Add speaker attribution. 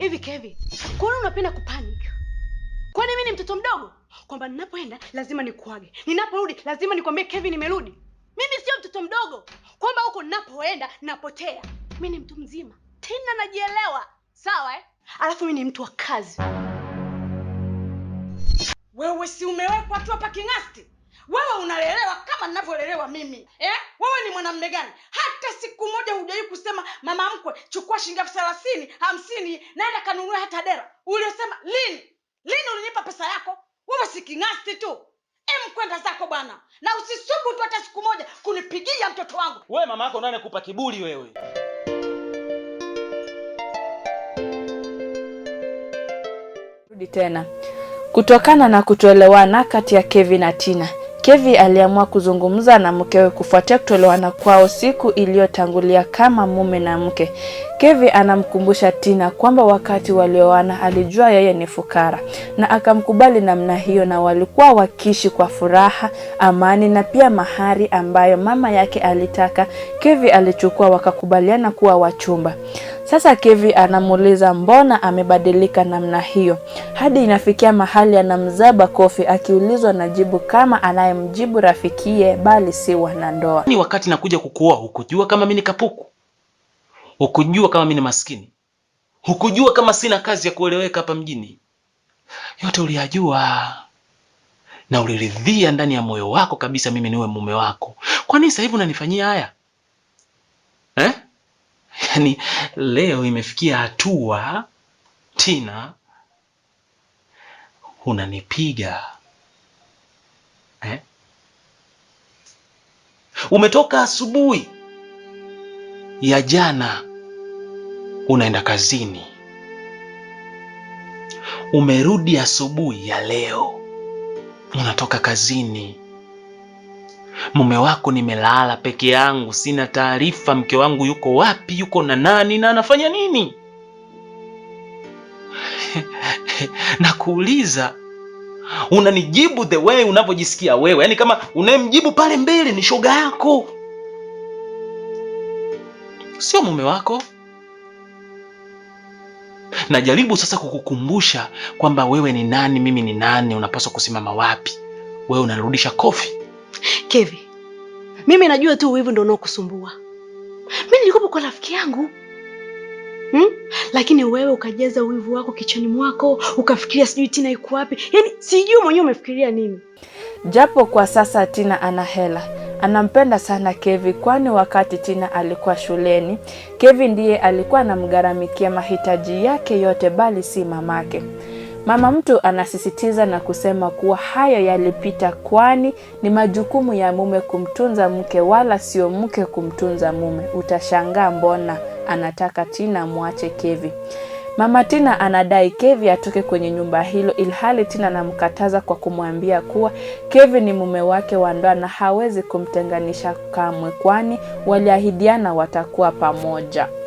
Speaker 1: hivi Kevi, kwani unapenda kupanic, kwani mimi ni mtoto mdogo kwamba ninapoenda lazima nikuage, ninaporudi lazima nikwambie Kevi nimerudi? Mimi sio mtoto mdogo kwamba huko ninapoenda napotea. Mimi ni mtu mzima tena najielewa, sawa eh? Alafu mimi ni mtu wa kazi.
Speaker 2: Wewe si umewekwa tu hapa king'asti? Wewe unalelewa kama ninavyolelewa mimi eh? Wewe ni mwanamume gani? hata siku moja hujai kusema mama mkwe chukua shilingi elfu thelathini hamsini naenda kanunue hata dera uliosema lini lini ulinipa pesa yako wewe siking'asti tu kwenda zako bwana na usisubu tu hata siku moja kunipigia mtoto wangu
Speaker 3: wewe mama yako nani kupa kiburi wewe
Speaker 4: rudi tena kutokana na kutoelewana kati ya kevin na tina Kevi aliamua kuzungumza na mkewe kufuatia kutolewana kwao siku iliyotangulia kama mume na mke. Kevi anamkumbusha Tina kwamba wakati walioana alijua yeye ni fukara na akamkubali namna hiyo, na walikuwa wakiishi kwa furaha, amani na pia mahari ambayo mama yake alitaka. Kevi alichukua, wakakubaliana kuwa wachumba. Sasa Kevi anamuuliza mbona amebadilika namna hiyo, hadi inafikia mahali anamzaba kofi. Akiulizwa na jibu kama anayemjibu rafikie, bali si wanandoa.
Speaker 5: Ni wakati nakuja kukuoa, hukujua kama mimi ni kapuku, hukujua kama mimi ni maskini, hukujua kama sina kazi ya kueleweka hapa mjini. Yote uliyajua na uliridhia ndani ya moyo wako kabisa mimi niwe mume wako. Kwa nini sasa hivi unanifanyia haya? yani leo imefikia hatua Tina unanipiga eh? Umetoka asubuhi ya jana unaenda kazini, umerudi asubuhi ya leo unatoka kazini mume wako nimelala peke yangu, sina taarifa mke wangu yuko wapi, yuko na nani na anafanya nini? Nakuuliza, unanijibu the way unavyojisikia wewe, yaani kama unayemjibu pale mbele ni shoga yako, sio mume wako. Najaribu sasa kukukumbusha kwamba wewe ni nani, mimi ni nani, unapaswa kusimama wapi. Wewe unarudisha kofi
Speaker 1: Kevi, mimi najua tu wivu ndio unaokusumbua. Mimi nilikuwa kwa rafiki yangu hmm? Lakini wewe ukajaza wivu wako kichwani mwako ukafikiria sijui Tina iko wapi, yaani sijui mwenyewe umefikiria nini.
Speaker 4: Japo kwa sasa Tina ana hela, anampenda sana Kevi, kwani wakati Tina alikuwa shuleni Kevi ndiye alikuwa anamgharamikia mahitaji yake yote, bali si mamake. Mama Mtu anasisitiza na kusema kuwa hayo yalipita, kwani ni majukumu ya mume kumtunza mke, wala sio mke kumtunza mume. Utashangaa mbona anataka Tina mwache Kevi. Mama Tina anadai Kevi atoke kwenye nyumba hilo, ilhali Tina anamkataza kwa kumwambia kuwa Kevi ni mume wake wa ndoa na hawezi kumtenganisha kamwe, kwani waliahidiana watakuwa pamoja.